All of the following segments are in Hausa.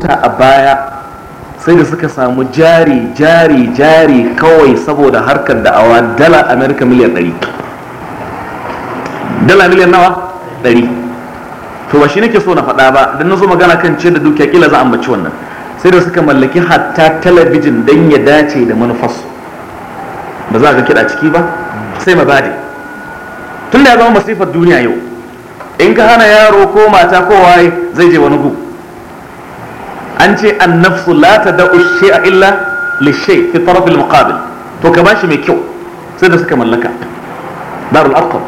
ta a baya sai da suka samu jari jari jari kawai saboda harkar da'awa dala amerika miliyan 100 dala miliyan nawa 100 to ba shi nake so na faɗa ba don na zo magana kan ce da dukiya kila za a ambaci wannan sai da suka mallaki hatta talabijin don ya dace da manufarsu ba za ka kiɗa ciki ba sai mabadi tun da ya zama masifar duniya yau in ka hana yaro ko mata waye zai je wani gu an ce an nafsu la ta ushe a illa lishe shay fi taraf muqabil to ka bashi mai kyau sai da suka mallaka darul arqam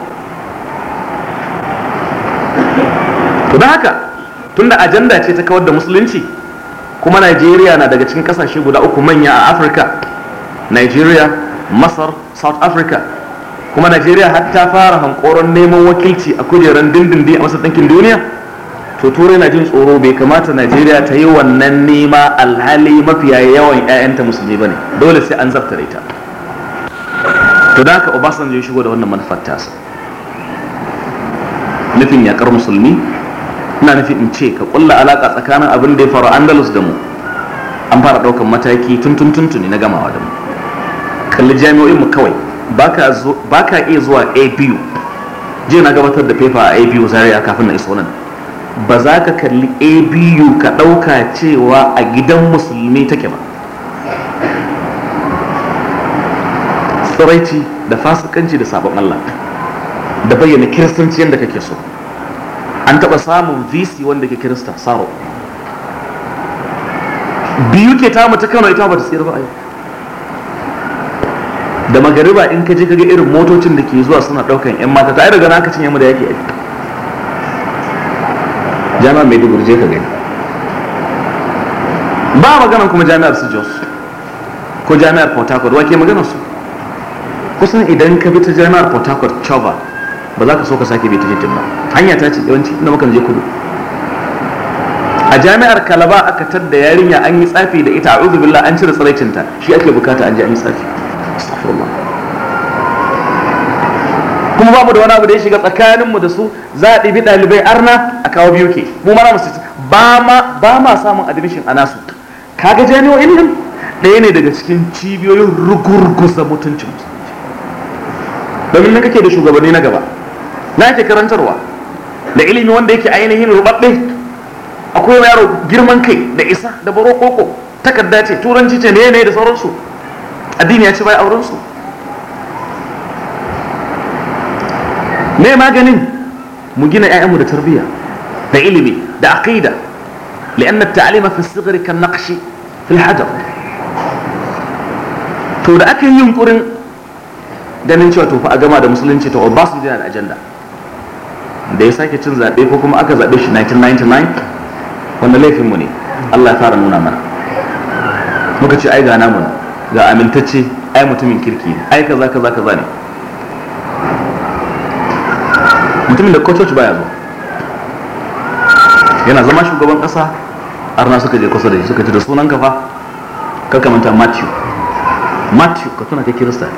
to da haka tunda ajanda ce ta kawar da musulunci kuma Najeriya na daga cikin kasashe guda uku manya a Afirka Najeriya Masar South Africa kuma najeriya har ta fara hankoron neman wakilci a kujeran dindindi a masu ɗinkin duniya to turai na jin tsoro bai kamata najeriya ta yi wannan nema alhali mafiya yawan 'ya'yanta musulmi ba ne dole sai an zafta ita to da haka obasanjo ya shigo da wannan manufar tasa nufin yakar musulmi ina nufin in ce ka kulla alaka tsakanin abin da ya faru andalus da mu an fara daukan mataki tuntun tuntuni na gamawa da mu kalli jami'o'in mu kawai baka iya zuwa abu je na gabatar da fefa a abu Zariya kafin na iso nan ba za ka kalli abu ka ɗauka cewa a gidan musulmi take ba tsiraici da fasikanci da sabon Allah da bayyana kiristanci yadda kake so an taɓa samun vc wanda ke kirista saro biyu ke ta mata kano ita ba ta tsira ba yau da magariba in ka je ka ga irin motocin da ke zuwa suna ɗaukan 'yan mata ta ai daga na aka cinye mu da yake aiki jami'a mai dubur je ka gani ba maganar kuma jami'ar su jos ko jami'ar port harcourt ke maganan su kusan idan ka bita ta jami'ar port harcourt chova ba za ka so ka sake bita ta titin ba hanya ta ce yawanci inda mukan je kudu a jami'ar kalaba aka tadda yarinya an yi tsafi da ita a uzubillah an cire tsiraicinta shi ake bukata an je an yi tsafi kuma babu da wani abu da ya shiga tsakaninmu da su za a ɗibi ɗalibai arna a kawo biyu ke mu mara musu ba ma ba ma samun admission a nasu kaga jami'o'in nan ɗaya ne daga cikin cibiyoyin rugurgusa mutuncin domin nan kake da shugabanni na gaba na yake karantarwa da ilimi wanda yake ainihin rubabbe akwai yaro girman kai da isa da baro koko takarda ce turanci ce ne ne da sauransu addini ya ci bai aurensu me maganin mu gina ƴaƴanmu da tarbiyya da ilimi da aqida لأن التعليم في kan كالنقش في الحجر to da aka yi yunkurin ganin cewa to fa a gama da musulunci to ba yana da ajanda da ya sake cin zaɓe ko kuma aka zaɓe shi 1999 wanda mu ne Allah ya fara nuna mana muka ce ai ga namu ga amintacce ai mutumin kirki ai kaza kaza kaza ne mutumin da ko coci baya zo. yana zama shugaban kasa arna suka je kusa da shi suka ce da sunan kafa. fa karka manta matthew matthew ka tuna kai kirista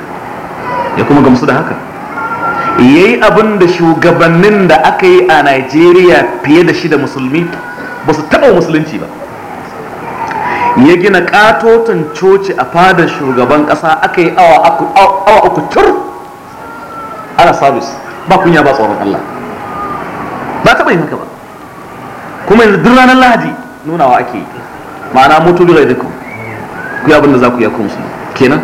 ya kuma gamsu da haka Ya yi abin da shugabannin da aka yi a Najeriya fiye da shi da musulmi ba su taɓa musulunci ba ya gina katoton coci a fadar shugaban ƙasa aka yi awa uku tur ana sabis ba kunya ba tsoron Allah ba taɓa yi haka ba kuma yanzu duk ranar lahadi nunawa ake yi ma'ana mutu bi ghairikum ku abin da za ku yi kun su kenan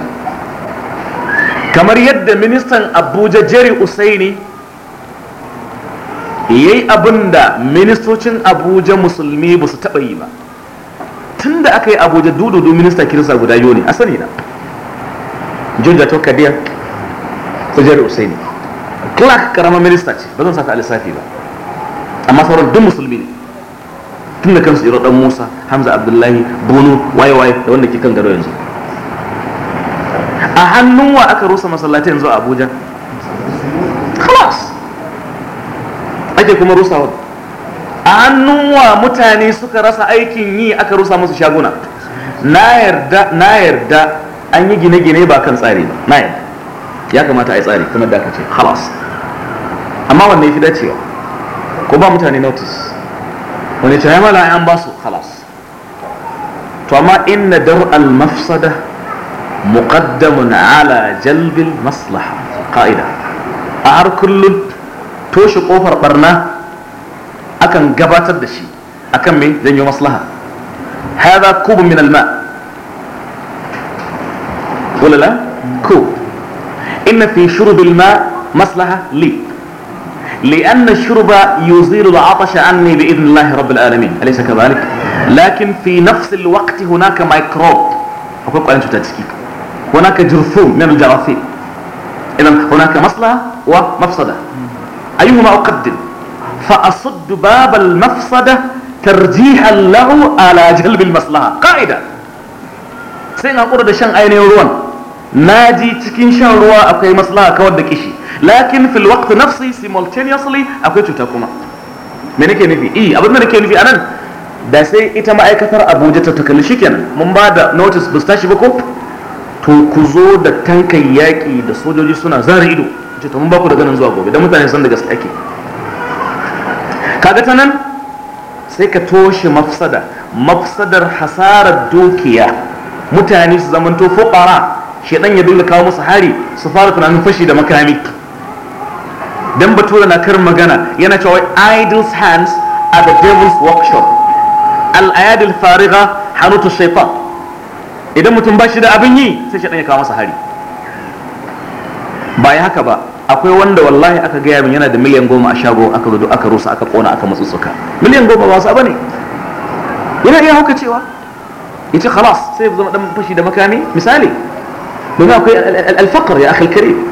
kamar yadda ministan Abuja Jerry Usaini yayi abin da ministocin Abuja musulmi ba su taɓa yi ba tun da aka yi abuja dududu minista kirista guda yoni a sani na georgia tokadiya su jari usaini clark karama minista ce ba zan sa ta lissafi ba amma sauran duk musulmi ne tun da kansu iro dan musa hamza abdullahi bono waye waye da wanda ke kan gado yanzu a hannun wa aka rusa masallaci yanzu a abuja khalas ake kuma wa a hannun wa mutane suka rasa aikin yi aka rusa musu shaguna na yarda an yi gine-gine ba kan tsari ba na yarda ya kamata a yi tsari kuma da aka ce halas. amma wanne ya fi dacewa ko ba mutane notice wani ta yamala an ba su halas to amma inna dar'al mafsada muqaddamun ala jalbil maslaha qa'ida a har kullum toshe kofar barna akan gabatar da shi akan me janyo maslaha hada kubun min alma wala la kub inna fi shurbil ma maslaha li لأن الشرب يزيل العطش عني بإذن الله رب العالمين أليس كذلك؟ لكن في نفس الوقت هناك ميكروب أقول أنا شفت هناك جرثوم من الجراثيم إذا هناك مصلحة ومفسدة أيهما أقدم؟ فأصد باب المفسدة ترجيحا له على جلب المصلحة قاعدة سينا قرد شان أين يروان ناجي تكين شان روا أكي مصلحة كودك إشي lakin fil waqt nafsi simultaneously akwai cuta kuma me nake nufi eh abin da nake nufi anan da sai ita ma'aikatar Abuja ta takalli shikenan mun ba da notice ba tashi ba ko to ku zo da tankan yaƙi da sojoji suna zara ido ce to mun ba ku daga zuwa gobe dan mutane san da gaske ake kaga ta nan sai ka toshe mafsada mafsadar hasarar dukiya mutane su zamanto fuqara shedan ya dinga kawo musu hari su fara tunanin fashi da makami dan batura na karin magana yana cewa Idols hands at the devil's workshop al-ayadil fariga hanutu shaitan idan mutum ba shi da abin yi sai shaitan ya kawo masa hari ba ya haka ba akwai wanda wallahi aka gaya min yana da miliyan goma a shago aka zo aka rusa aka kona aka matsutsuka miliyan goma ba su bane yana iya hauka cewa ya ce khalas sai ya zama dan fashi da makami misali domin akwai alfaqar ya akhil karim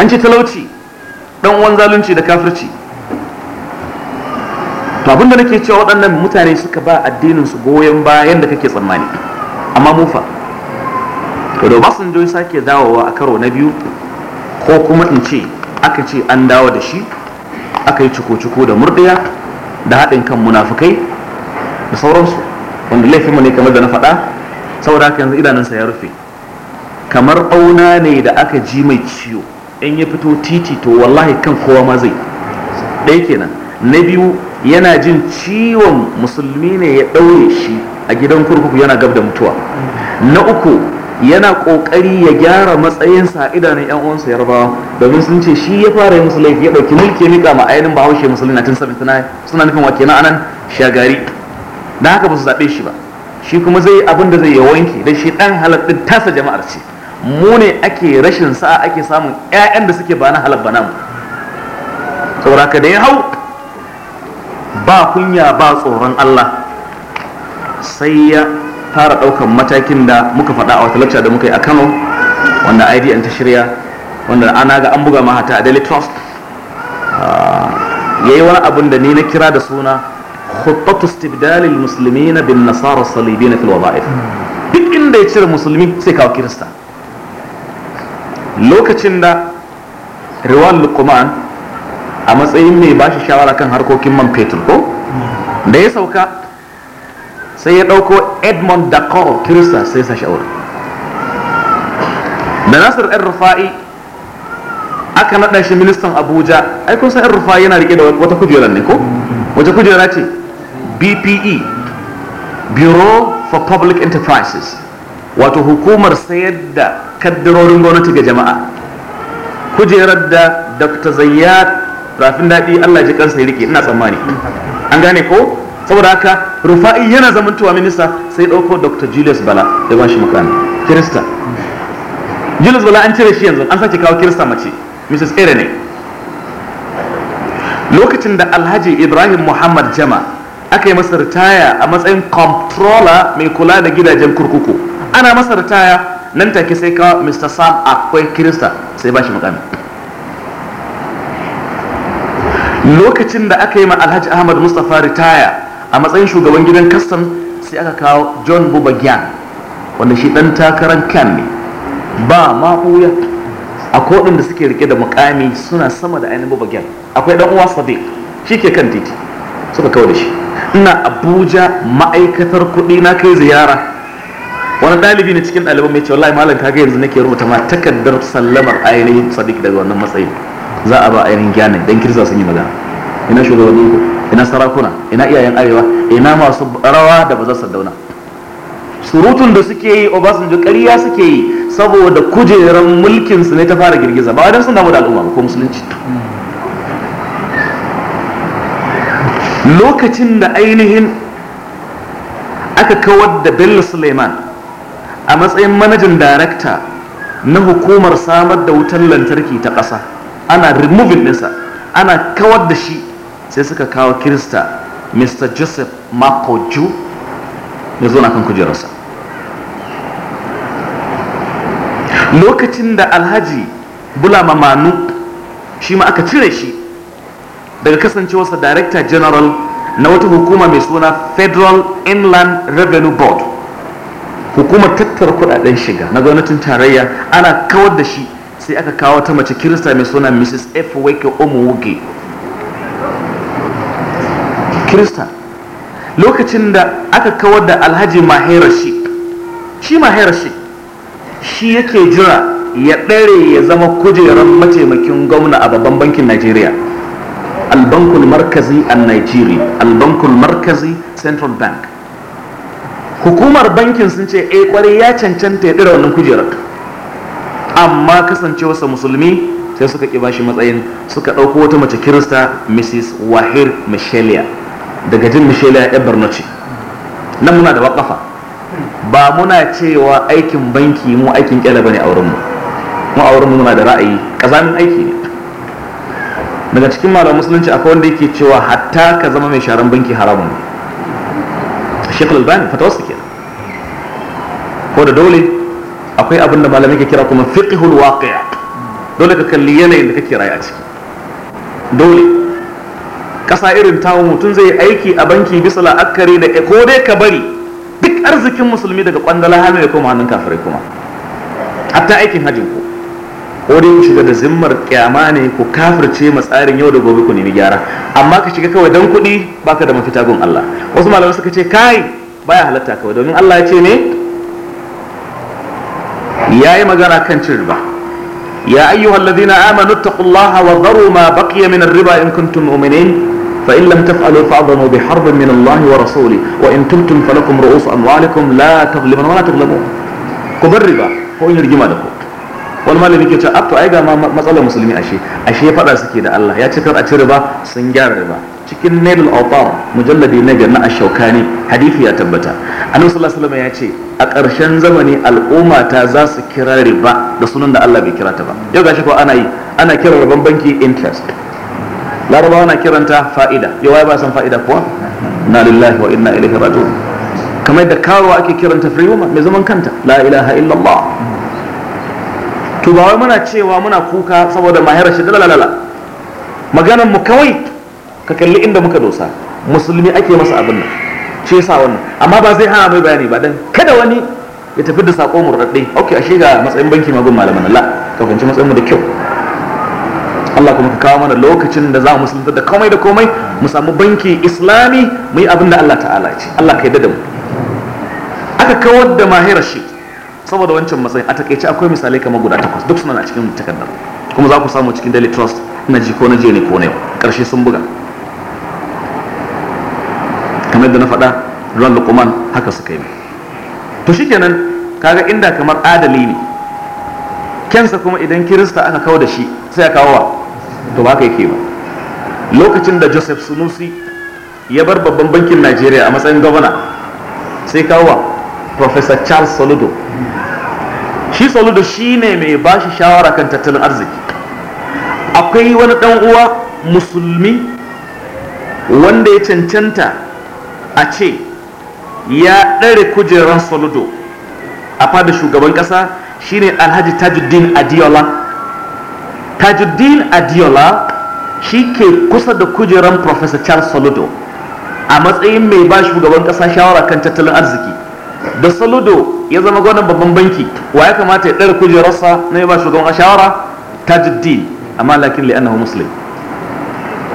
an ce talauci dan uwan zalunci da kafirci to abin da nake cewa waɗannan mutane suka ba addinin su goyon bayan da kake tsammani amma mufa, to da basun joyi sake dawowa a karo na biyu ko kuma in ce aka ce an dawo da shi aka yi ciko-ciko da murdiya da haɗin kan munafukai da sauransu wanda laifinmu ne kamar da na faɗa saboda haka yanzu idanunsa ya rufe kamar auna ne da aka ji mai ciwo in ya fito titi to wallahi kan kowa ma zai ɗaya kenan na biyu yana jin ciwon musulmi ne ya ɗaure shi a gidan kurkuku yana gab da mutuwa na uku yana ƙoƙari ya gyara matsayin a idanun yan uwansa yarbawa domin sun ce shi ya fara yi musu laifi ya ɗauki mulki mika ma ainihin bahaushe musulmi na tun suna nufin wa na anan shagari da haka ba su zaɓe shi ba shi kuma zai abin da zai ya wanke da shi ɗan halattun tasa jama'ar ce mu ne ake rashin sa'a ake samun 'ya'yan da suke ba na halabba namu saboda ka da ya hau ba kunya ba tsoron Allah sai ya fara ɗaukan matakin da muka faɗa a wata lacca da muka yi a Kano wanda IDN ta shirya wanda ana ga an buga mahata a Daily Trust ah, ya yi wani abin da ni na kira da suna khuttatu musulmi muslimina bin nasara salibina fil wada'if duk inda ya cire musulmi sai kawo kirista lokacin da riwan lukuman a matsayin mai bashi shawara kan harkokin man fetur ko da ya sauka sai ya dauko edmond dakoro kirista sai sa shawara da nasir yan rufa'i aka naɗa shi ministan abuja aikun sa yan rufa'i yana rike da wata kujera ne ko wata kujera ce bpe bureau for public enterprises wato hukumar sayar da kaddarorin gwamnati ga jama'a kujerar da dr zayyad rafin daɗi allah ji kansa ya rike ina tsammani an gane ko saboda haka rufa'i yana zamantowa minista sai ɗauko dr julius bala da ba shi makami kirista julius bala an cire shi yanzu an sake kawo kirista mace mrs irene lokacin da alhaji ibrahim muhammad jama aka yi masa ritaya a matsayin comptroller mai kula da gidajen kurkuku ana masa ritaya nan take sai kawo mr sam akwai kirista sai ba shi mukami lokacin da aka yi ma alhaji ahmad mustapha ritaya a matsayin shugaban gidan kastam sai aka kawo john buba gyan wanda shi dan takarar kyan ne ba ma ɓuya a kodin da suke rike da mukami suna sama da ainihin buba gyan akwai dan uwa sadiq shi ke kan titi suka kawo da shi ina abuja ma'aikatar kuɗi na kai ziyara wani dalibi ne cikin ɗaliban mai cewa lai malam kaga yanzu nake rubuta ma takardar sallamar ainihin sadiq daga wannan matsayin za a ba ainihin gyanin dan kirza sun yi magana ina shugabanni ku ina sarakuna ina iyayen arewa ina masu rawa da ba za su dauna surutun da suke yi obasanjo ƙarya suke yi saboda kujerar mulkin su ne ta fara girgiza ba wadansu damu da al'umma ko musulunci lokacin da ainihin aka kawar da bello suleiman a matsayin manajin darakta na hukumar samar da wutar lantarki ta ƙasa ana removing nisa, ana kawar da shi sai suka kawo kirista mr joseph makoju ya zo na kan kujerarsa lokacin da alhaji bulama manu shi ma aka cire shi daga kasancewarsa director general na wata hukuma mai suna federal inland revenue board hukumar tattara kudaden shiga na gwamnatin tarayya ana kawar da shi sai aka kawo ta mace kirista mai suna mrs f wake kirista lokacin da aka kawar da alhaji mahera shi shi mahera shi shi yake jira ya ɗare ya zama kujerar mataimakin gwamna a babban bankin najeriya albankul markazi a nigeria albankul markazi central bank hukumar bankin sun ce a eh, kwarai ya cancanta ya dira wannan kujerar amma kasancewarsa musulmi sai suka ƙi bashi matsayin suka ɗauko wata mace kirista mrs wahir michelia daga jin michelia ya barno ce nan muna da wakafa ba muna cewa aikin banki mu aikin ba bane a wurinmu mu a wurinmu muna da ra'ayi ƙazamin aiki ne daga cikin malamin musulunci akwai wanda yake cewa hatta ka zama mai sharan banki haramun ne shekul albani ko da dole akwai abin da malamai ke kira kuma fiqhul waqi'a dole ka kalli yanayin da kake raya ciki dole kasa irin tawo mutum zai aiki a banki bisa la'akari da ko dai ka bari duk arzikin musulmi daga kwandala hannu ya koma hannun kafirai kuma hatta aikin hajjin ko ku shiga da zimmar kyama ne ku kafirce matsarin yau da gobe ku nemi gyara amma ka shiga kawai dan kuɗi baka da mafita gun Allah wasu malamai suka ce kai baya halatta kawai domin Allah ya ce ne ya yi magana kan cin riba ya ayyuhal ladina amanu taqullaha wa dharu ma baqiya min riba in kuntum mu'minin fa in lam taf'alu fa'dhanu bi harbin min Allah wa rasuli wa in tubtum falakum ru'us amwalikum la taghlibun wa la taghlabu ku bar riba ko in rigima da ku wani malami ke ce to ai ga matsalar musulmi ashe ashe fada suke da Allah ya ce kar a ci riba sun gyara riba cikin nailul awtar mujalladi na a na ashaukani hadisi ya tabbata annabi sallallahu alaihi ya ce a ƙarshen zamani al'umma ta za su kira riba da sunan da Allah bai kira ta ba yau gashi ko ana yi ana kira riban banki interest laraba na kiranta fa'ida yau ba san fa'ida kuwa na lillahi wa inna ilaihi raji'un kamar da karuwa ake kiranta free woman mai zaman kanta la ilaha illallah to ba wai muna cewa muna kuka saboda mahaira shi dalalala maganan mu kawai ka kalli inda muka dosa musulmi ake masa abin nan shi yasa wannan amma ba zai hana mai bayani ba dan kada wani ya tafi da sako murɗaɗɗe 'okay ashe ga matsayin banki ma gun malaman Allah ka fahimci matsayin mu da kyau Allah kuma ka kawo mana lokacin da za mu musulunta da komai da komai mu samu banki islami mu yi abin da Allah ta'ala ce Allah ka yarda da mu aka kawar da mahaira shi saboda wancan matsayin a takaice akwai misalai kamar guda takwas duk suna cikin takardar kuma za ku samu cikin daily trust na ji ko na ne ko na yau karshe sun buga kamar yadda na faɗa ruwan lukuman haka suka yi to shikenan kaga inda kamar adali ne kensa kuma idan kirista aka kawo da shi sai a kawo wa to ba ka yake ba lokacin da joseph sunusi ya bar babban bankin najeriya a matsayin gwamna sai kawo wa professor charles soludo shi da shi ne mai ba shi shawara kan tattalin arziki akwai wani ɗan uwa musulmi wanda ya cancanta a ce ya ɗare kujerar saludo a fada shugaban ƙasa shine alhaji tajuddin adiola tajuddin adiola shi ke kusa da kujerar professor charles saludo a matsayin mai ba shugaban ƙasa shawara kan tattalin arziki da saludo ya zama gwamnan babban banki wa ya kamata ya ɗara kujerarsa na ya ba shugaban shawara tajuddin amma lakin li annahu muslim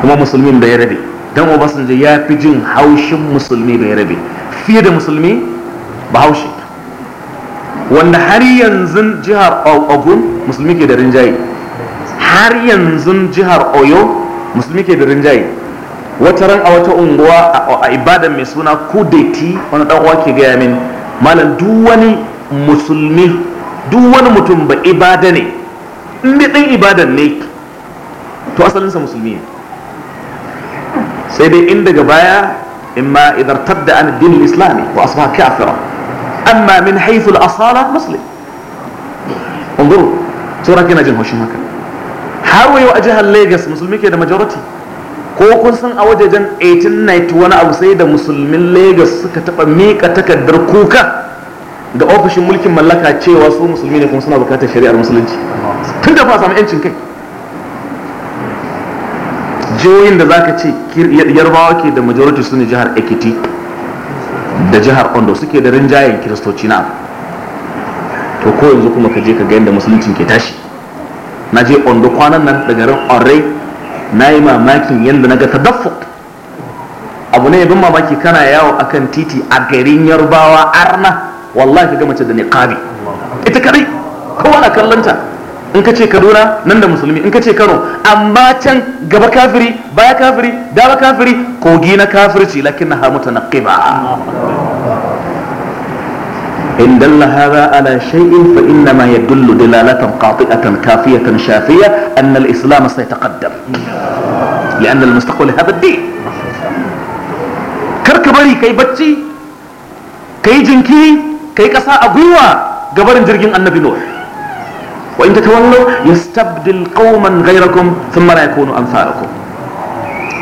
kuma musulmin bai rabe dan obasanjo ya fi jin haushin musulmi bai rabe fiye da musulmi ba haushi wanda har yanzu jihar ogun musulmi ke da rinjaye har yanzu jihar oyo musulmi ke da rinjaye wata ran a wata unguwa a ibadan mai suna kudeti wani ɗan'uwa uwa ke gaya min malam duk wani musulmi duk wani mutum ba ibada ne in dai ɗan ibadan ne to asalinsa musulmi ne sai dai in daga baya imma idar tadda an din islami wa asbaha kafira amma min haythu al-asala muslim انظروا sura kina jin haushin haka har wayo a jihar lagos musulmi ke da majority ko kun san a wajejen 1890 wani abu sai da musulmin lagos suka taba mika takardar kuka ga ofishin mulkin mallaka cewa su musulmi ne kuma suna bukatar shari'ar musulunci tun da fa samu yancin kai jihohin da zaka ce yarbawa ke da majority su ne jihar ekiti da jihar ondo suke da rinjayen kiristoci na to ko yanzu kuma ka je ka ga yadda musuluncin ke tashi na je ondo kwanan nan da garin orai na yi mamakin yadda na ga ta tadaffuk abu ne bin mamaki kana yawo akan titi a garin yarbawa arna wallahi ga mace da niqabi ita kadai kowa na kallonta in ka ce kaduna nan da musulmi in ka ce kano amma can gaba kafiri baya kafiri dama kafiri kogi na kafirci lakin na hamuta ƙiba. إن دل هذا على شيء فإنما يدل دلالة قاطئة كافية شافية أن الإسلام سيتقدم لأن المستقبل هذا الدين كركبري كي بتشي كي جنكي كي كسا أبوها قبر جرجين النبي نوح وإن تتولوا يستبدل قوما غيركم ثم لا يكونوا أمثالكم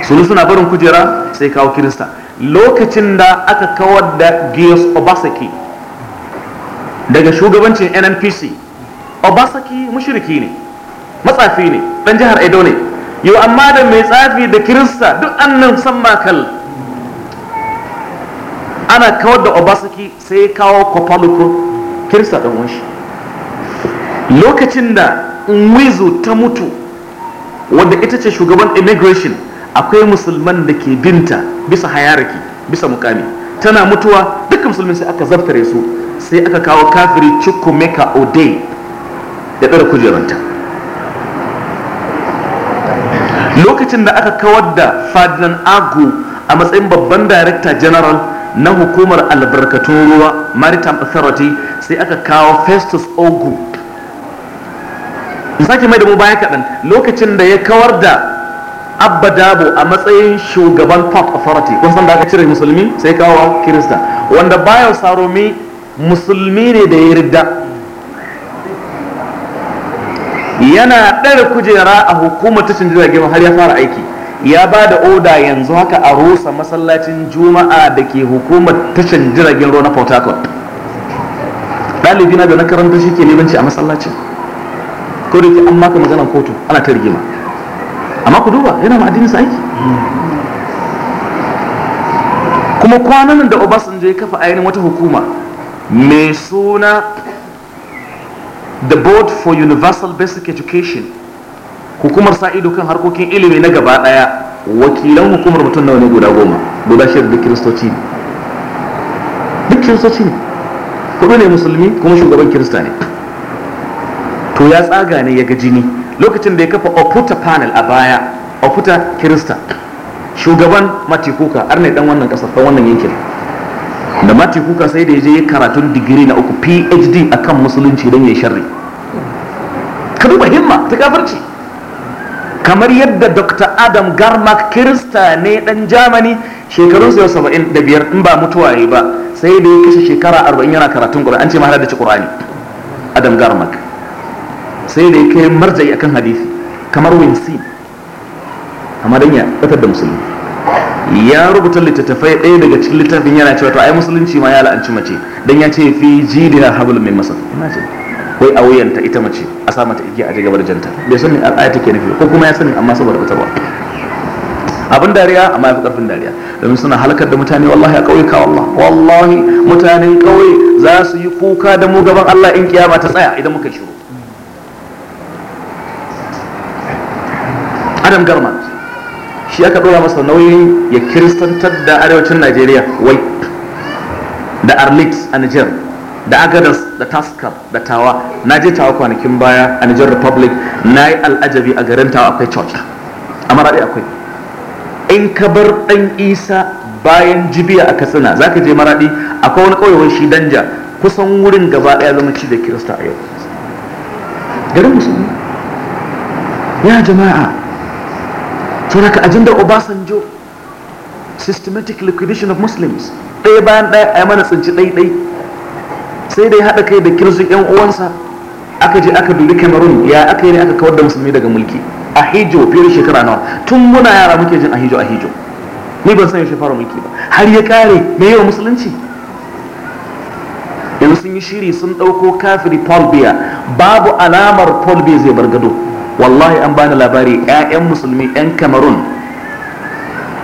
سلسنا برم كجرا سيكاو كريستا لو كتندا أكا كودا جيوس أوباسكي daga shugabancin nnpc obasaki mushriki ne matsafi ne dan jihar edo ne yau amma da mai tsafi da kirista duk annan san makal ana kawar da obasaki sai ya kawo kopaluko kirista dan wanshi lokacin da nwizu ta mutu wadda ita ce shugaban immigration akwai musulman da ke binta bisa hayaraki bisa mukami tana mutuwa duk musulmin sai aka zartare su sai aka kawo kafiri meka ode da ɗara kujeranta lokacin da aka kawar da fadilan agu a matsayin babban director general na hukumar albarkatun ruwa maritime authority sai aka kawo festus ogu sake mai da mu baya kaɗan lokacin da ya kawar da abba dabo a matsayin shugaban port authority kun san da aka cire musulmi sai kawo kirista wanda bayan saromi musulmi ne da ya ridda yana da kujera a hukumar tashin jiragen har ya fara aiki ya ba da oda yanzu haka a rusa masallacin juma'a da ke hukumar tashin jiragen ruwa na port harcourt ɗalibi na da na karanta shi ke nemanci a masallacin ko da ke an maka maganar kotu ana ta rigima amma ku duba yana ma addinin aiki kuma kwanan da obasanjo ya kafa ainihin wata hukuma mai suna the board for universal basic education hukumar sa ido kan harkokin ilimi na gaba daya wakilan hukumar mutum nawa ne guda goma guda shirin da kiristoci ne duk kiristoci ne kudu ne musulmi kuma shugaban kirista ne to ya tsaga ne ya ga jini lokacin da ya kafa oputa panel a baya oputa kirista shugaban matikuka arne dan wannan kasar dan wannan yankin da mati kuka sai da ya je karatun digiri na uku phd akan musulunci don ya sharri ka duba himma ta kafarci kamar yadda dr adam garmak kirista ne dan germany shekarun yau saba'in da biyar in ba mutuwa yi ba sai da ya kashe shekara arba'in yana karatun gobe an ce ma da ci adam garmak sai da ya kai marjayi akan hadisi kamar winsi amma dan ya fitar da musulmi ya rubuta littattafai ɗaya daga cikin littafin yana cewa to ai musulunci ma ya la'anci mace dan ya ce fi jidina hablum min masar ina ce wai a wuyanta ita mace a sa mata igiya a ji gabar janta bai sani al'aya take nufi ko kuma ya sani amma saboda fitarwa abin dariya amma yafi karfin dariya domin suna halakar da mutane wallahi a ƙauyuka wallah wallahi mutanen ƙauye za su yi kuka da mu gaban Allah in kiyama ta tsaya idan muka shiru adam garma shi aka ɗora masa nauyin ya kiristantar da arewacin najeriya wai da arlit a niger da agadas da taskar da tawa na je tawa kwanakin baya a niger republic na yi al'ajabi a garin tawa akwai church a maraɗi akwai in ka bar ɗan isa bayan jibiya a katsina za ka je maraɗi akwai wani ƙauyewar shi danja kusan wurin gaba ɗaya zama ci da kirista a yau garin musulmi ya jama'a ajin da obasanjo systematic liquidation of muslims ɗaya bayan ɗaya a yi mana tsinci ɗaiɗai sai dai haɗa kai da kirzun yan uwansa aka je aka dubi cameroon ya aka yi ne aka kawar da musulmi daga mulki a hijo fiye da shekara nawa tun muna yara muke jin a hijo a hijo ni ban san yaushe fara mulki ba har ya kare me yawa musulunci yanzu sun yi shiri sun ɗauko kafiri paul biya babu alamar paul biya zai bar gado wallahi an bani labari 'ya'yan musulmi 'yan kamarun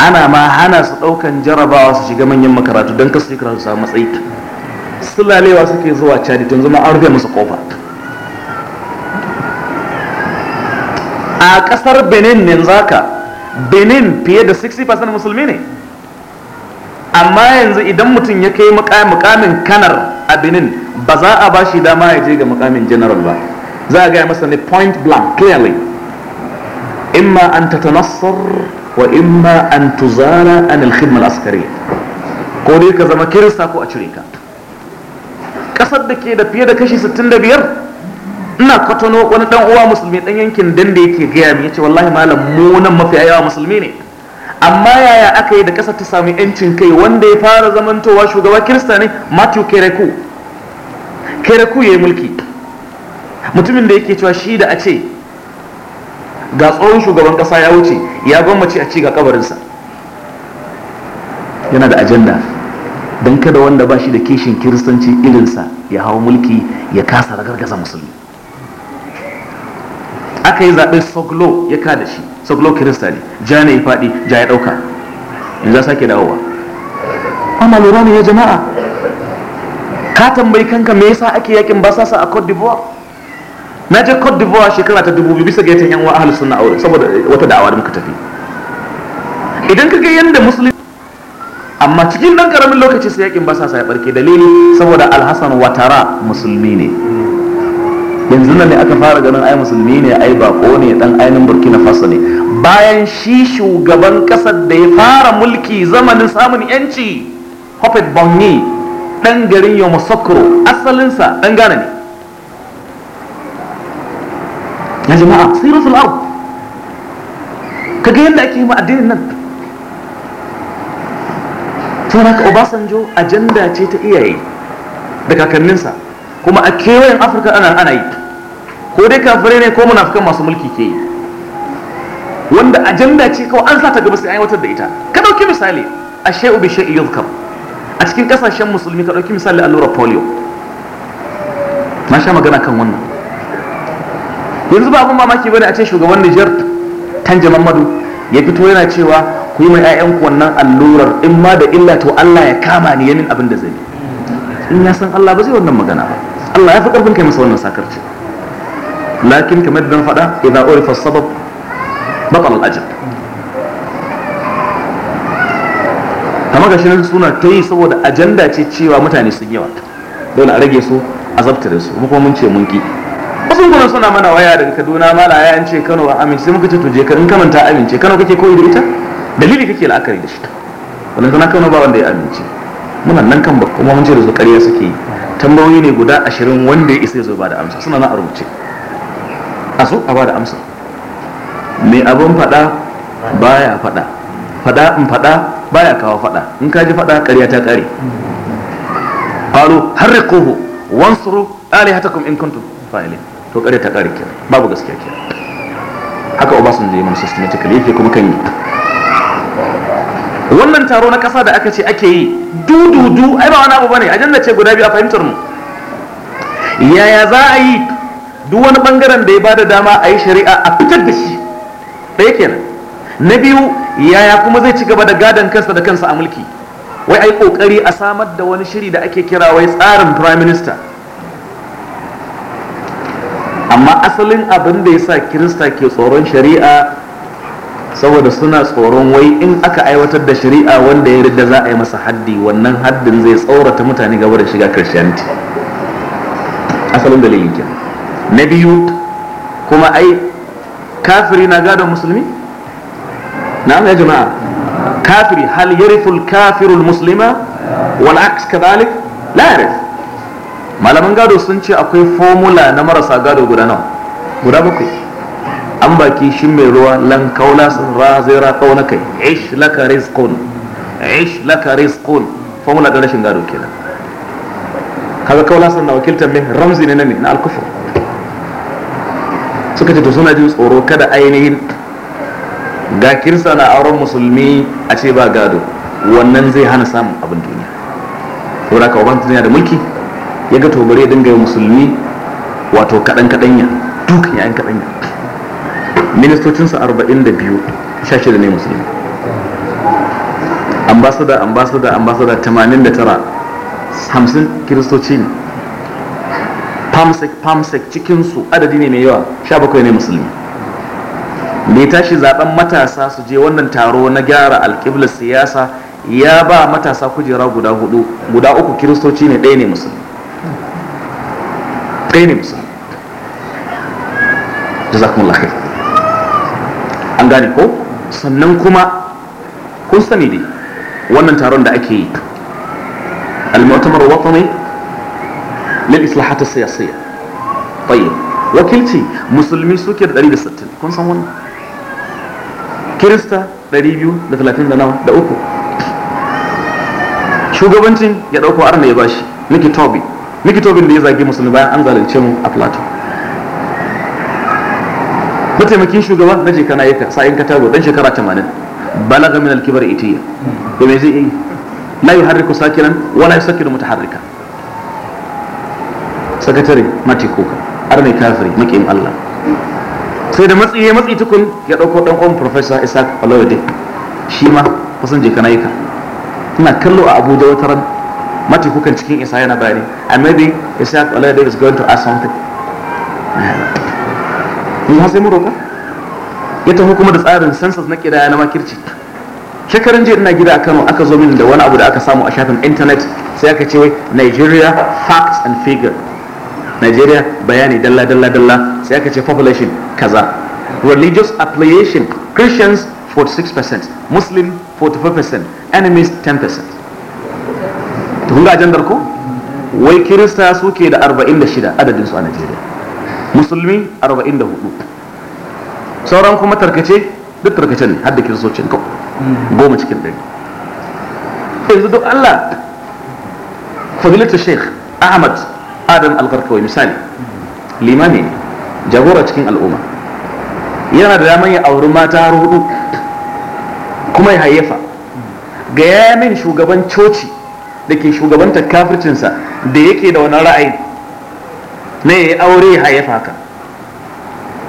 ana ma hana su ɗaukan jarabawa su shiga manyan makaratu don kasu karatu su samu matsayi sulalewa suke zuwa cadi tun zama an rufe musu kofa a ƙasar benin ne zaka benin fiye da 60% musulmi ne amma yanzu idan mutum ya kai mukamin kanar a benin ba za a ba shi dama ya je ga mukamin general ba za a gaya masa ne point blank clearly imma an tatanassar wa imma an tuzala an alkhidma askari. ko dai ka zama kirista ko a cire ka kasar da ke da fiye da kashi 65 ina kwatano wani dan uwa musulmi dan yankin dan da yake gaya min yace wallahi malam mu nan mafi yawa musulmi ne amma yaya aka yi da kasar ta samu yancin kai wanda ya fara zamantowa shugaba kirista ne Matthew Kereku Kereku yi mulki mutumin da yake cewa shi da a ce ga tsohon shugaban kasa ya wuce ya gwammace a ci ga kabarinsa yana da ajanda don kada wanda ba shi da kishin kiristanci irinsa ya hau mulki ya kasa ragargaza musulmi aka yi zaɓe soglo ya ka da shi soglo kirista ne ja ne ya faɗi ja ya ɗauka in za sake dawowa amma lura ne ya jama'a ka tambayi kanka me yasa ake yakin basasa a cote d'ivoire na je Cote d'Ivoire shekara ta dubu biyu bisa ga yan wa ahlus sunna aure saboda wata da'awa da muka tafi idan ka ga yanda musulmi amma cikin dan karamin lokaci sai yakin ba sa sai barke dalili saboda alhasan watara musulmi ne yanzu nan ne aka fara ganin ai musulmi ne ai bako ne dan ainin burkina faso ne bayan shi shugaban kasar da ya fara mulki zamanin samun yanci hopet bonny dan garin yomusokoro asalinsa dan gane ne ya jama'a sai fil ard kaga yadda ake yi ma addinin nan na ka obasanjo ajanda ce ta iyaye da kakanninsa kuma a kewayen afirka ana ana yi ko dai kafirai ne ko munafukan masu mulki ke yi wanda ajanda ce kawai an sa ta gaba sai an aiwatar da ita ka ɗauki misali a shehu bi yuzkar a cikin ƙasashen musulmi ka ɗauki misali allurar polio na sha magana kan wannan yanzu ba abin mamaki bane a ce shugaban Nijar Tanja Mamadu ya fito yana cewa ku yi ma 'ya'yanku wannan allurar in ma da illa to Allah ya kama ni yamin abin da zai in ya san Allah ba zai wannan magana ba Allah ya fi karfin kai masa wannan sakarci lakin kamar dan fada faɗa idan urifa sabab batal al kamar ga gashi suna ta yi saboda ajanda ce cewa mutane sun yawa dole a rage su a su kuma mun ce mun ki wasu kuma suna mana waya daga kaduna mala ya ce kano a amince sai muka ce to je ka in ka manta amince kano kake koyi da ita dalili kake la'akari da shi wannan kana kano ba wanda ya amince muna nan kan ba kuma mun ce da su ƙarya suke yi tambayoyi ne guda ashirin wanda ya isa ya zo ba da amsa suna na a rubuce a so a ba da amsa mai abin faɗa baya faɗa faɗa in faɗa baya kawo faɗa in ka ji faɗa ƙarya ta ƙare قالوا حرقوه wansuru alihatakum in kuntum fa'ilin to kare ta kare babu gaskiya kenan haka obasanjo ya mana systematically yake kuma kan yi wannan taro na kasa da aka ce ake yi dududu ai ba wani abu bane ajanda ce guda biyu a fahimtar mu yaya za a yi duk wani bangaren da ya bada dama a yi shari'a a fitar da shi ɗaya kenan na biyu yaya kuma zai ci gaba da gadon kansa da kansa a mulki wai ai kokari a samar da wani shiri da ake kira wai tsarin prime minister amma asalin abin da ya sa kirista ke tsoron shari'a saboda suna tsoron wai in aka aiwatar da shari'a wanda ya yarda za a yi masa haddi wannan haddin zai tsorata mutane gaba da shiga christianity asalin dalilin ke na biyu kuma ai kafiri na gadon musulmi na ya jama'a kafiri hal yariful kafirul muslima wal aks kadhalik la yarif malaman gado sun ce akwai formula na marasa gado guda nawa guda bakwai an baki shi mai ruwa lan kaula sun razira kauna kai ish laka rizqun ish laka rizqun formula da rashin gado kenan kaga kaula sun na wakiltar mai ramzi ne na ne na alkufur suka ce to suna jin tsoro kada ainihin ga kirsa na auren musulmi a ce ba gado wannan zai hana samun abin duniya saboda ka uban yana da mulki ya ga to bari ya dinga musulmi wato kaɗan kaɗanya dukan yayan kaɗanya ya arba'in da biyu sha shida ne musulmi ambasada ambasada ambasada tamanin da tara hamsin kiristoci ne pamsek pamsek cikinsu adadi ne mai yawa sha bakwai ne musulmi da ya tashi zaben matasa su je wannan taro na gyara alƙiblar siyasa ya ba matasa kujera guda hudu guda uku kiristoci ne ɗaya ne musulmi ɗaya ne za kuma khair an gane ko sannan kuma kun sani dai wannan taron da ake yi al-mu'tamar watani lil islahat as-siyasiyya tayyib wakilci musulmi suke da 160 kun san wannan kirista 230 da da uku shugabancin ya dauko arna ya bashi niki tobi likitobin da ya zage musulmi bayan an zalunce mu a plateau mataimakin shugaban na shekara ya sa'in tago dan shekara 80 balaga min alkibar itiya to me zai yi la yuharriku sakinan wala yusakkiru mutaharrika sakatare mati kuka arne kafiri makin Allah sai da matsi ya matsi tukun ya dauko dan uwan professor Isaac Olawide shi ma kusan jikana yi yaka ina kallo a Abuja wata ran matafukan cikin isa yana bayani and maybe isa alaihi is going to ask something yanzu sai mu roƙa ya tafi kuma da tsarin census na kidaya na makirci shekaran jiya ina gida a kano aka zo min da wani abu da aka samu a shafin intanet sai aka ce wai nigeria facts and figure nigeria bayani dalla dalla dalla sai aka ce population kaza religious affiliation christians 46% muslim 44% enemies 10% to kun ga ko wai kirista suke da 46 adadin su a Najeriya musulmi 44 sauran kuma tarkace duk tarkace ne har da kiristocin ko goma cikin ɗari yanzu duk Allah fadilatu Sheikh Ahmad Adam Algarkawai misali limami ne jagora cikin al'umma yana da daman ya auri mata hudu kuma ya hayyafa ga yamin shugaban coci da ke shugabantar kafircinsa da yake da wani ra'ayi na ya yi aure ya haifa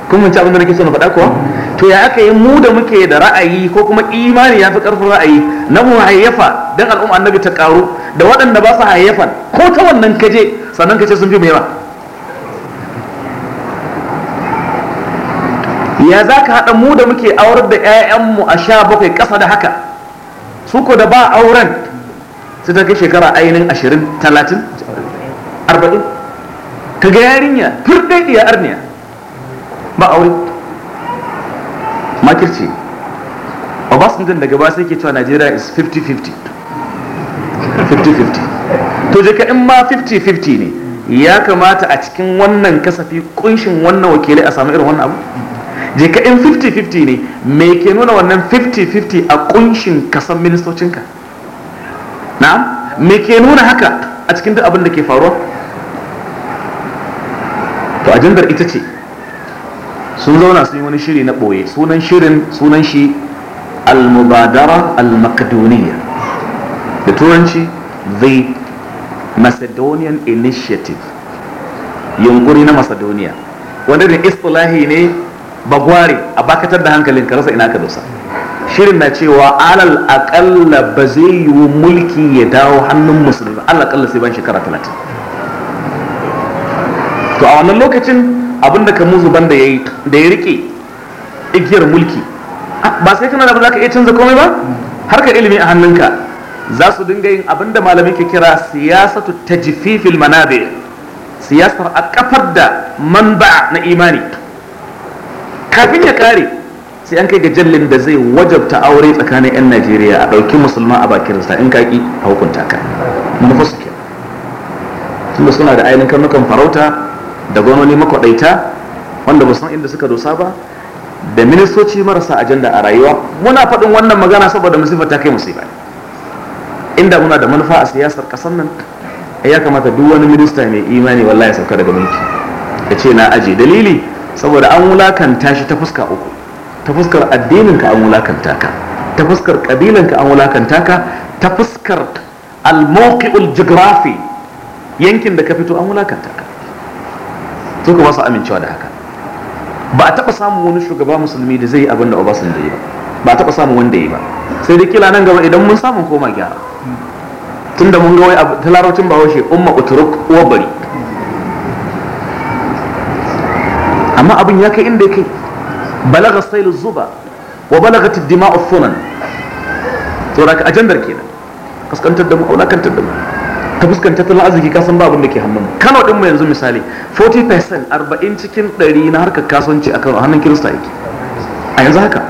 kun mun abin da nake so na faɗa kuwa to ya aka yi mu da muke da ra'ayi ko kuma imani ya fi ƙarfin ra'ayi na mu hayyafa don al'umma annabi ta ƙaru da waɗanda ba su hayyafan ko ta wannan kaje sannan kace sun fi mai yawa ya za ka haɗa mu da muke aurar da 'ya'yanmu a sha bakwai ƙasa da haka su ko da ba auren sai ta kai shekara ainihin ashirin talatin arba'in ka ga yarinya furdai ɗiya arniya ba aure makirci ba ba sun daga ba sai ke cewa najeriya is 50-50 50-50 to je ka in ma 50-50 ne ya kamata a cikin wannan kasafi kunshin wannan wakilai a samu irin wannan abu je ka in 50-50 ne me ke nuna wannan 50-50 a kunshin kasan ministocinka na'am me ke nuna haka a cikin duk abin da ke faruwa to ajandar ita ce sun zauna sun yi wani shiri na ɓoye sunan shirin sunan shi al-mubadara al-makadoniya da turanci the macedonian initiative yunkuri na macedonia wanda da istilahi ne bagware a bakatar da hankalin ka rasa ina ka dosa shirin na cewa alal akalla ba zai yiwu mulki ya dawo hannun musulmi alal akalla sai ban shekara talatin to a wannan lokacin abin da kamuzu ban da ya rike igiyar mulki ba sai kana da ba za ka iya canza komai ba har ka ilimi a hannunka za su dinga yin abin da malami ke kira siyasatu tajfifil manabe siyasar a kafar da manba na imani kafin ya kare sai an kai ga jallin da zai wajabta aure tsakanin 'yan najeriya a ɗauki musulma a bakin sa in kaki a hukunta ka su tunda suna da ainihin karnukan farauta da gwanoni makwaɗaita wanda ba san inda suka dosa ba da ministoci marasa ajanda a rayuwa muna faɗin wannan magana saboda musifa ta kai musiba inda muna da manufa a siyasar ƙasar nan eh, ya kamata duk wani minista mai imani wallahi ya sauka daga mulki ya ce na aje dalili saboda an wulakanta shi ta fuska uku ta fuskar addininka an wulakanta ka ta fuskar ƙabilanka an wulakanta ka ta fuskar al-mawqi'ul jigrafi yankin da ka fito an wulakanta ka to ka ba amincewa da haka ba a taɓa samun wani shugaba musulmi da zai yi abin da Obasanjo yi ba ba a taɓa samun wanda yi ba sai dai kila nan gaba idan mun samu koma gyara tunda mun ga wai a talarocin ba washe umma uturuk wabari amma abin ya kai inda ya kai balaga sailu zuba wa balagat of thunan to da ajandar ke nan, kaskantar da mu aulakantar da mu ta fuskar tattalin arziki ka san ba abin da ke hannun kano din mu yanzu misali 40% 40 cikin 100 na harkar kasuwanci a kan hannun kirista yake a yanzu haka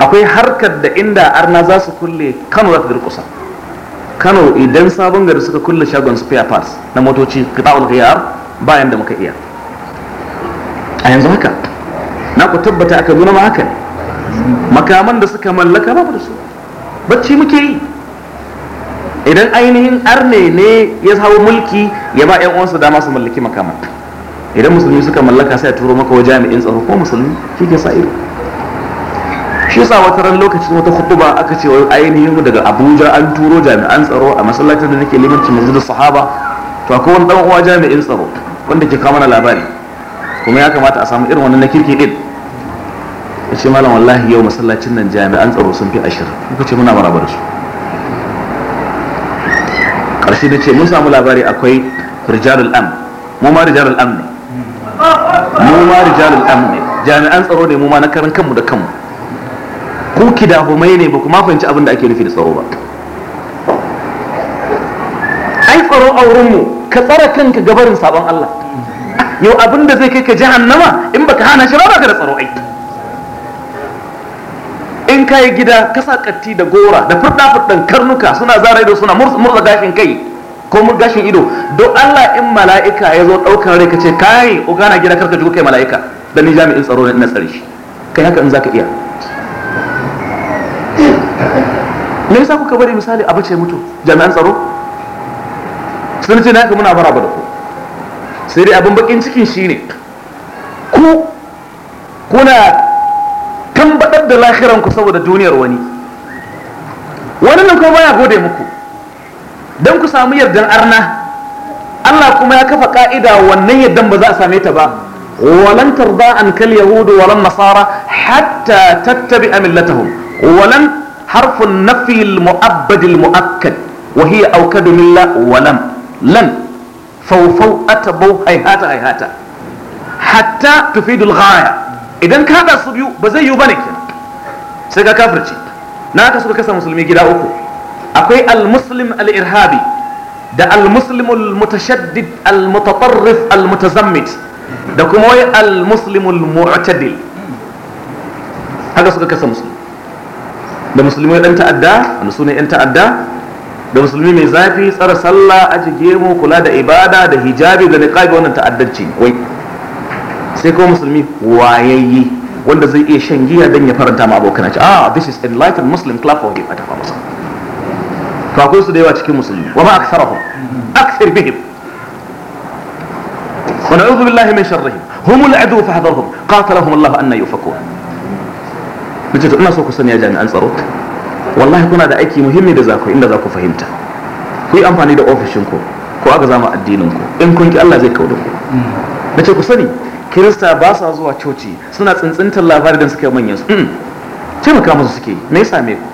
akwai harkar da inda arna za su kulle kano za ta durkusa kano idan sabon gari suka kulle shagon spare parts na motoci qita'ul ghiyar bayan da muka iya a yanzu haka na ku tabbata aka nuna ma haka makaman da suka mallaka babu da su bacci muke yi idan ainihin arne ne ya hau mulki ya ba 'yan uwansa dama su mallaki makaman idan musulmi suka mallaka sai a turo maka wa jami'in tsaro ko musulmi shi ke sa ido shi yasa wata ran lokacin wata khutuba aka ce wa ainihin daga Abuja an turo jami'an tsaro a masallacin da nake limanci masjidin sahaba to akwai wani dan uwa jami'in tsaro wanda ke kawo mana labari kuma ya kamata a samu irin wannan na kirki din ya ce malam wallahi yau masallacin nan jami'an tsaro sun fi ashirin kuka ce muna maraba da su ƙarshe da ce mun samu labari akwai rijalul am mu ma rijalul am ne mu ma rijalul am ne jami'an tsaro ne mu ma na karan kanmu da kanmu ku kidahumai ne ba kuma fahimci abin da ake nufi da tsaro ba ai tsaro a wurinmu ka tsara kanka gabarin sabon Allah yau abin da zai kai ka jahannama in baka hana shi ba baka da tsaro ai Ka yi gida ka katti da gora da furda furdan karnuka suna zara ido suna murza gashin kai ko mur gashin ido don Allah in mala'ika ya zo daukar rai ka ce kai ugana gida karka jiko kai mala'ika da ni jami'in tsaro ne ina shi kai haka in zaka iya me yasa kuka bari misali a bace mutu jami'an tsaro sun ce naka muna bara ba da ku sai dai abin bakin cikin shine ku kuna salwantar da lahiran ku saboda duniyar wani wani nan kuma baya gode muku don ku samu yardan arna Allah kuma ya kafa ka'ida wannan yardan ba za a same ta ba walan tarda an kal yahudu walan nasara hatta tattabi millatahum walan harfun nafi al-mu'abbad muakkad wa hiya awkadu milla walam lan faufau atabau haihata haihata hatta tufidul ghaya idan ka su biyu ba zai yiwu bane kenan sai ka kafirci na ka suka kasa musulmi gida uku akwai al-muslim al-irhabi da al-muslim al-mutashaddid al-mutatarrif al-mutazammit da kuma wai al-muslim al-mu'tadil haka suka kasa musulmi da musulmi dan ta'adda da sunan yan ta'adda da musulmi mai zafi tsara sallah aji gemu kula da ibada da hijabi da niqabi wannan ta'addanci wai sai ko musulmi wayayyi wanda zai iya shan giya don ya faranta ma abokan ce ah this is enlightened muslim club for him a tafa masa to akwai su da yawa cikin musulmi wa ma aktharahum akthar bihim wa na'udhu billahi min sharrihim hum al'adu fa hadarhum qatalahum Allah an yufaku nace to ina so ku sani ya jami'an tsaro wallahi kuna da aiki muhimmi da zaku inda zaku fahimta ku yi amfani da ofishin ku ko aka zama addinin ku in kun ki Allah zai kaudu ku nace ku sani kirista ba sa zuwa coci suna tsintsintar labarin da suka manyan su hmm. taimaka musu suke yi me yasa me ku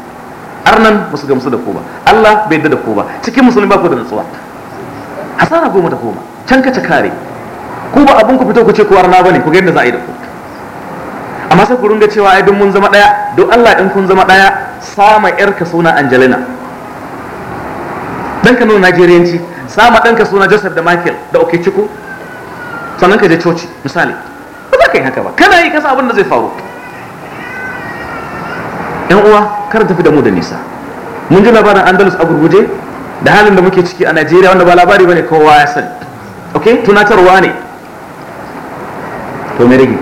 arnan ba su gamsu da ku ba Allah bai yadda da ku ba cikin musulmi ba ku da nutsuwa hasara goma da goma can ka kare ku ba abin ku fito ku ce ku arna bane ku ga yadda za a yi da ku amma sai ku runga cewa ai duk mun zama daya don Allah in kun zama daya sama yarka suna Angelina Dan ka nuna Najeriyanci sama ka suna Joseph da Michael da ciku. sannan ka je coci misali ba za ka yi haka ba kana yi kasa abin da zai faru yan uwa kar tafi da mu da nisa mun ji labarin andalus a gurguje da halin da muke ciki a najeriya wanda ba labari ba ne kowa ya sani ok tunatarwa ne to me rage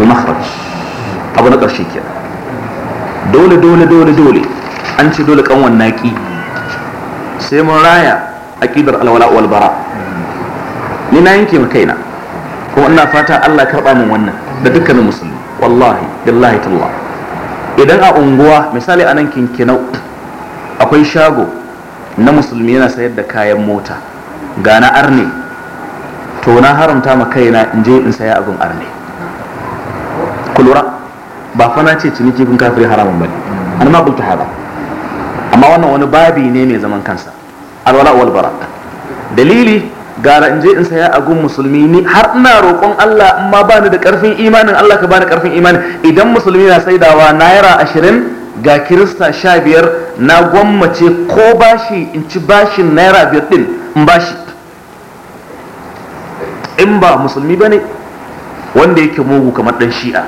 al-makhraj abu na ƙarshe ke dole dole dole dole an ce dole kanwan naki sai mun raya aqidar alwala wal bara ni na yanke kaina kuma ina fata Allah karɓa min wannan da dukkanin musulmi wallahi billahi tallah idan a unguwa misali a nan kinkinau akwai shago na musulmi yana sayar da kayan mota ga na arne to na haramta ma kaina in je in saya abin arne Kulura ba fa na ce ciniki kun kafiri haramun bane an ma bulta hada amma wannan wani babi ne mai zaman kansa alwala wal bara dalili gara in je in saya a gun musulmi ni har ina roƙon Allah in ma bani da ƙarfin imanin Allah ka bani ƙarfin imani idan musulmi na saidawa naira ashirin ga kirista sha biyar na gwammace ko bashi in ci bashin naira biyar ɗin in bashi in ba musulmi ba ne wanda yake mugu kamar ɗan shi'a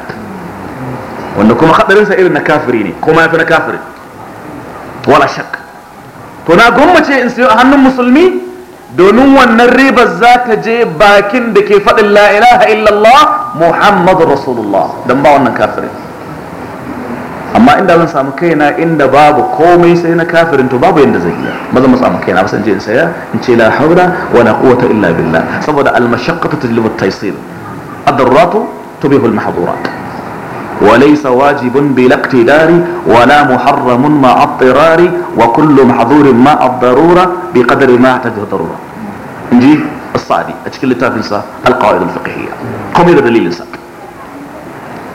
wanda kuma haɗarinsa irin na kafiri ne kuma ya fi na kafiri wala shak to na gwammace in sayo a hannun musulmi domin wannan ribar za ta je bakin da ke faɗin la'ilaha illallah muhammadu rasulullah don ba wannan kafirin amma inda zan samu kaina inda babu komai sai na kafirin to babu yadda zai iya ba zan samu kaina ba san je in saya in ce la haula wa illa billah saboda al mashaqqatu tajlibu at-taysir ad-darratu وليس واجب بلا اقتدار ولا محرم مع اضطرار وكل محظور مع الضرورة بقدر ما احتاجه الضرورة نجي الصعدي أشكل لتافنسا القواعد الفقهية قومي بدليل إنسان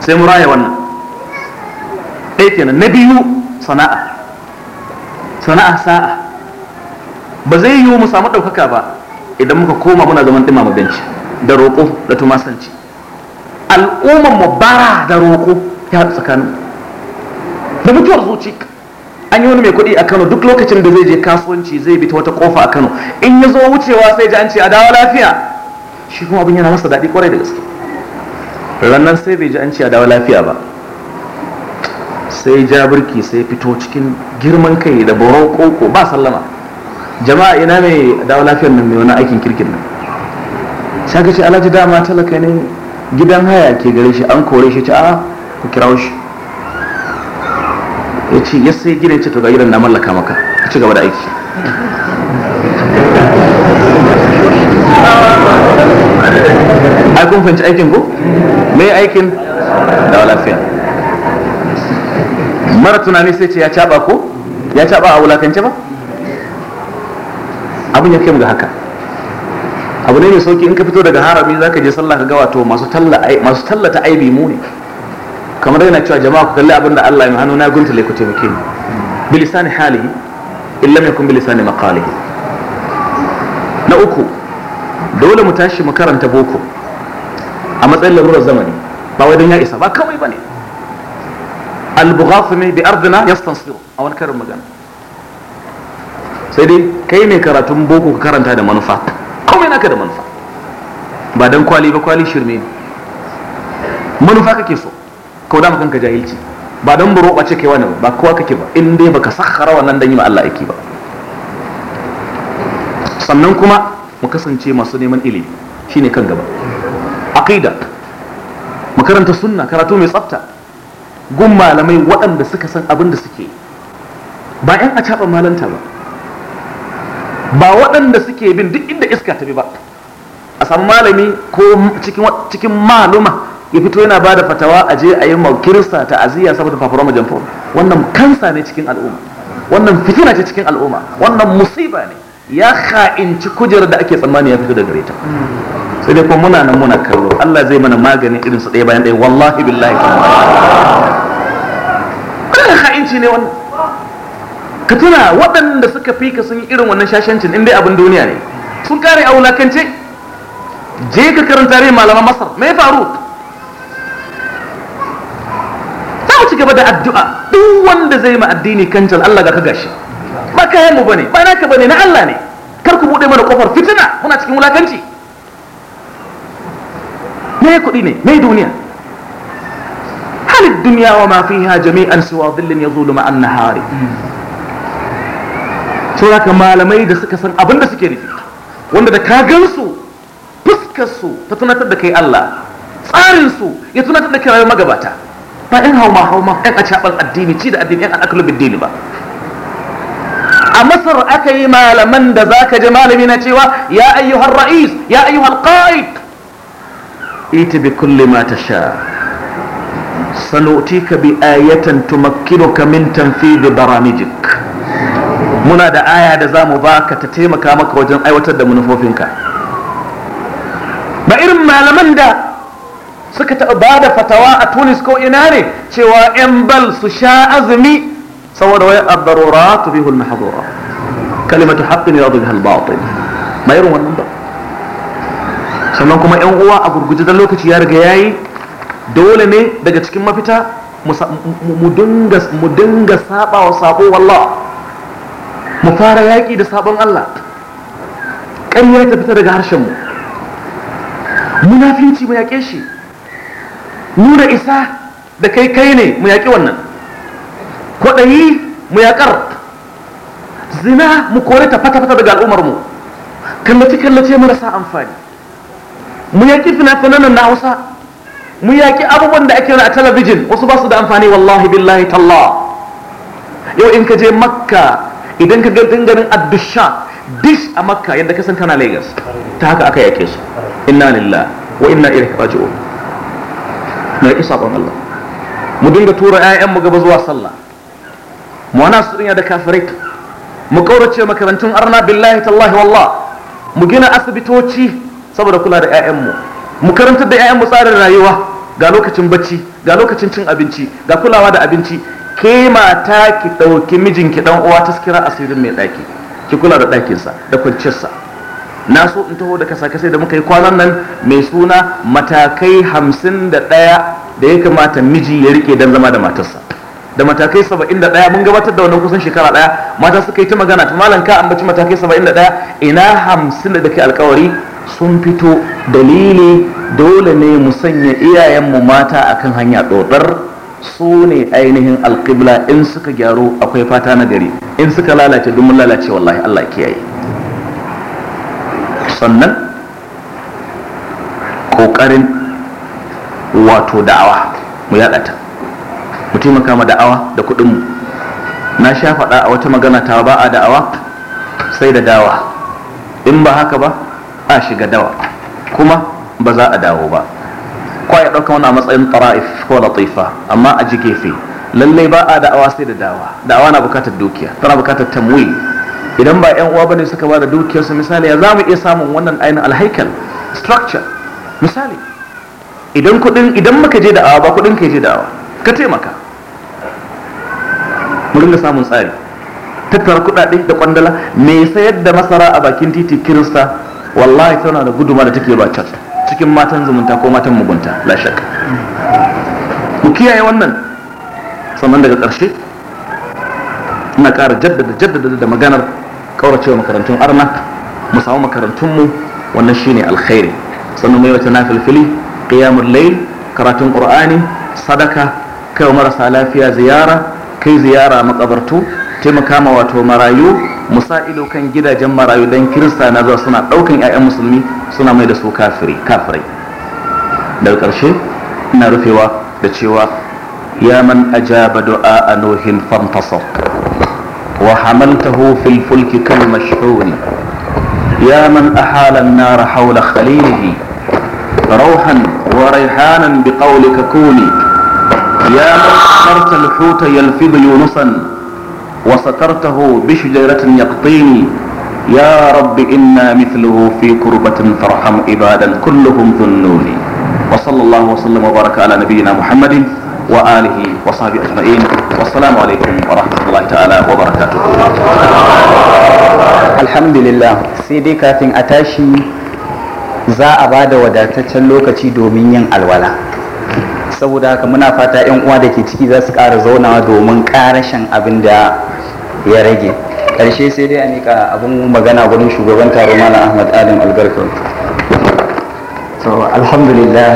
سيمرايا وانا ايتنا نبي صناعة صناعة ساعة بزي يوم سامت وكاكا با idan muka koma muna zaman ɗimama benci da roƙo da tumasanci al'umman mu bara da roƙo ya haɗu tsakanin da mutuwar zuci an yi wani mai kuɗi a kano duk lokacin da zai je kasuwanci zai bi ta wata kofa a kano in ya zo wucewa sai ji an ce a dawo lafiya shi kuma abin yana masa daɗi kwarai da gaske rannan sai bai ji an ce a dawo lafiya ba sai ja birki sai fito cikin girman kai da boron koko ba sallama jama'a ina mai dawo lafiyar nan mai wani aikin kirkin nan Shaka ce alhaji dama talaka ne gidan haya ke gare shi an kore shi ce a ku kira shi ya ce ya sai gidan ce to gidan na mallaka maka a ci gaba da aiki ai kun fahimci aikin ko me aikin da walafiya mara tunani sai ce ya caba ko ya caba a wulakance ba abin ya kai mu ga haka abu ne mai sauki in ka fito daga harami za ka je sallah ka gawa wato masu tallata aibi mu ne kamar yana cewa jama'a ku kalli abin da Allah ya hannu na gunta ku taimake ni bilisani hali kun yakun bilisani maqali na uku dole mu tashi mu karanta boko a matsayin larurar zamani ba wai don ya isa ba kawai ba ne. bughath ne bi ardina yastansiru a wani karin magana sai dai kai ne karatun boko ka karanta da manufa komai naka da manufa ba dan kwali ba kwali shirme ne manufa kake so kawai da kanka jahilci ba dan buro ce kai wani ba kowa kake ba in dai baka sakhara wannan dan yi ma Allah aiki ba sannan kuma mu kasance masu neman ilimi shine kan gaba aqida mu karanta sunna karatu mai tsafta gun malamai waɗanda suka san abin da suke ba 'yan a caɓa malanta ba ba waɗanda suke bin duk inda iska ta bi ba a samu malami ko cikin maluma ya fito yana ba da fatawa a je a yi ma ta aziya saboda fafaroma jamfo wannan kansa ne cikin al'umma wannan fitina ce cikin al'umma wannan musiba ne ya ha'inci kujerar da ake tsammani ya fito da gare ta sai dai kuma muna nan muna kallo Allah zai mana magani irin su ɗaya bayan ɗaya wallahi billahi kuma ha'inci ne wannan ka tuna waɗanda suka fi ka sun irin wannan shashancin inda abin duniya ne sun kare a wulakance je ka karanta rai malaman masar mai faru Ta wuce ci gaba da addu'a duk wanda zai ma addini kancal Allah ga ka gashi ba kayan mu bane ba naka bane na Allah ne kar ku buɗe mana kofar fitina muna cikin wulakanci me kuɗi ne me duniya halin duniya wa ma fiha jami'an siwa ya zulu ma'an hari saboda ka malamai da suka san abin da suke nufi wanda da ka gansu fuskarsu ta tunatar da kai Allah tsarinsu ya tunatar da kai magabata ba ɗan hauma hauma ɗan a caɓar addini ci da addini ɗan al'akalu biddini ba a masar aka yi malaman da za ka ji malami na cewa ya ayyuhar ra'is ya ayyuhar qa'id ita bi kulli ma tasha sanutika bi ayatan tumakkinuka min tanfidi baramijik muna da aya da za mu ba ka ta taimaka maka wajen aiwatar da manufofinka ba irin malaman da suka taɓa ba da fatawa a tunis ko ina ne cewa 'yan bal su sha azumi saboda wai abdarura tu bihul mahadura kalimatu haqqin yadu bihal batil Ma irin wannan ba sannan kuma 'yan uwa a gurguje da lokaci ya riga yayi dole ne daga cikin mafita mu dinga saba wa sabo wallah mu fara yaƙi da sabon Allah ƙarya ta fita daga harshenmu munafinci mu yaƙe shi nuna isa da kai kai ne mu yaƙi wannan kwaɗayi mu yaƙar zina mu kore ta fata-fata daga al'ummarmu kallace-kallace marasa amfani mu yaƙi fina-finan na hausa mu yaƙi abubuwan da ake a talabijin wasu ba su da amfani wallahi billahi tallah yau in ka je makka idan ka garin ganin addusha dish a makka yadda ka san kana lagos ta haka aka yake su inna lillah wa inna ilaihi raji'un na isa ban Allah mu dinga tura ƴaƴan mu gaba zuwa sallah mu ana su da kafirai mu kaurace makarantun arna billahi tallahi wallah mu gina asibitoci saboda kula da ƴaƴan mu mu karantar da ƴaƴan mu tsarin rayuwa ga lokacin bacci ga lokacin cin abinci ga kulawa da abinci ke mata ki ɗauki mijinki ɗan uwa ta taskira asirin mai ɗaki ki kula da ɗakinsa da kwanciyarsa na so in taho da kasa-kasai da muka yi kwanan nan mai suna matakai hamsin da ɗaya da ya kamata miji ya rike don zama da matarsa da matakai saba'in da ɗaya mun gabatar da wannan kusan shekara ɗaya mata suka yi ta magana ta malam ka ambaci matakai saba'in da ɗaya ina hamsin da kai alkawari sun fito dalili dole ne mu sanya iyayenmu mata akan hanya ɗodar su ne ainihin alƙibla in suka gyaro akwai fata na gari in suka lalace dumin lalace wallahi Allah kiyaye sannan ƙoƙarin wato da'awa mu yaɗa ta mu taimaka ma da'awa da kuɗinmu na sha faɗa a wata magana ta ba a da'awa sai da dawa in ba haka ba a shiga dawa kuma ba za a dawo ba kwa ya ɗauka wani a matsayin tara'if ko latifa amma a ji gefe lalle ba a da'awa sai da dawa da'awa na bukatar dukiya tana bukatar tamwi idan ba yan uwa bane suka ba da su misali ya za mu iya samun wannan ainihin alhaikal structure misali idan kudin idan muka je da'awa ba kudin ka je da'awa ka taimaka mu ringa samun tsari tattara kudade da kwandala me sayar da masara a bakin titi kirista wallahi tana da guduma da take ba chat cikin matan zumunta ko matan mugunta la shakka ku kiyaye wannan sannan daga ƙarshe ina ƙara jaddada jaddada da maganar ƙauracewa makarantun arna mu samu makarantunmu wannan shine alkhairi sannan mai wata nafilfili qiyamul layl karatun qur'ani sadaka kai marasa lafiya ziyara kai ziyara makabartu taimaka ma wato marayu musa'ilo kan gidajen marayu don kirista na zuwa suna ɗaukan 'ya'yan musulmi suna mai da su kafirai daga ƙarshe ina rufewa da cewa ya man ajaba du'a a nuhin fantasar wa hamaltahu fil fulki kal mashhuni ya man ahala an-nar hawla khalilihi روحا وريحانا بقولك كوني يا من أمرت الحوت يلفظ يونسا وسترته بشجرة يقطيني يا رب إنا مثله في كربة فارحم عبادا كلهم ذنوني وصلى الله وسلم وبارك على نبينا محمد وآله وصحبه أجمعين والسلام عليكم ورحمة الله تعالى وبركاته الحمد لله سيدي كافين أتاشي za a ba da wadataccen lokaci domin yin alwala saboda haka muna fata 'yan uwa da ke ciki za su ƙara zaunawa domin ƙarashin abin da ya rage karshe sai dai a mika abin magana gudun shugaban taro mana ahmad adam albarka so alhamdulillah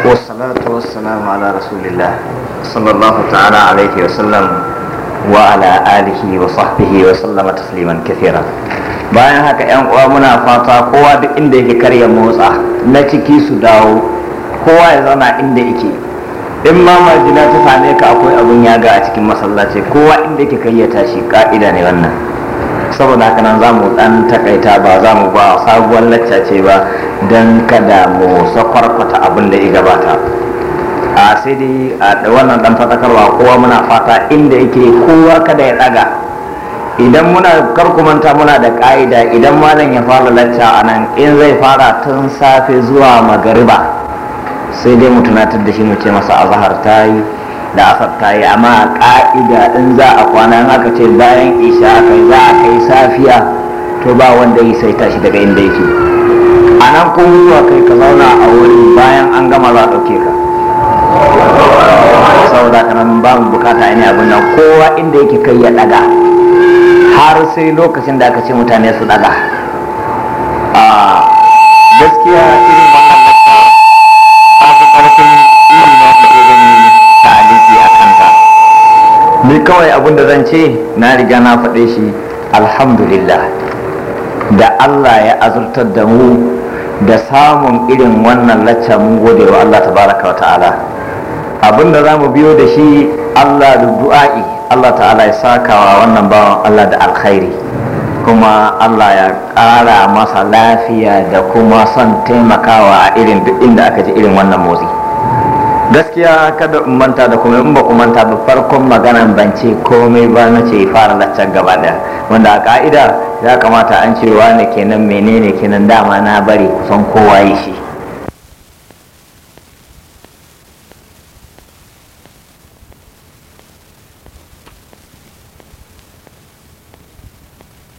wa salamu ala rasulillah sallallahu ta'ala alaihi wa sallam wa ala alihi wa sahbihi wa sallama tasliman kathira bayan haka yan uwa muna fata kowa duk inda yake karya motsa na ciki su dawo kowa ya zauna inda yake in ma majina ta same ka akwai abun ga a cikin masallaci kowa inda yake kai ya tashi ka'ida ne wannan saboda haka nan mu dan takaita ba za mu ba sabuwar lacca ce ba dan kada mu sakwarkwata abin da ya gabata a sai dai a wannan dan fatakarwa kowa muna fata inda yake kowa kada ya daga idan muna karkumanta muna da ka'ida idan malam ya fara lacca a nan in zai fara tun safe zuwa magariba sai dai mu tunatar da shi mu ce masa azhar tayi da asar ta yi amma ka'ida in za a kwana in aka ce bayan isha aka za a kai safiya to ba wanda yi sai tashi daga inda yake a nan ko zuwa kai ka zauna a wurin bayan an gama za a ɗauke ka saboda kana ba mu bukata ne abin nan kowa inda yake kai ya ɗaga. har sai lokacin da aka ce mutane su daga a ah, gaskiya irin kawai abin da zan ce na riga na faɗe shi alhamdulillah da Allah ya azurtar da mu da samun irin wannan lacca mun gode wa Allah tabaraka wa ta'ala abin da za mu biyo da shi Allah da du'a'i Allah ta'ala ya sakawa wannan bawan Allah da alkhairi kuma Allah ya ƙara masa lafiya da kuma son taimakawa a irin duk inda aka ji irin wannan motsi gaskiya kada in manta da kuma in ba ku manta ba farkon magana ban ce komai ba na ce fara laccan gaba da wanda a ka'ida ya kamata an ce wane kenan menene kenan dama na bari kusan kowa yi shi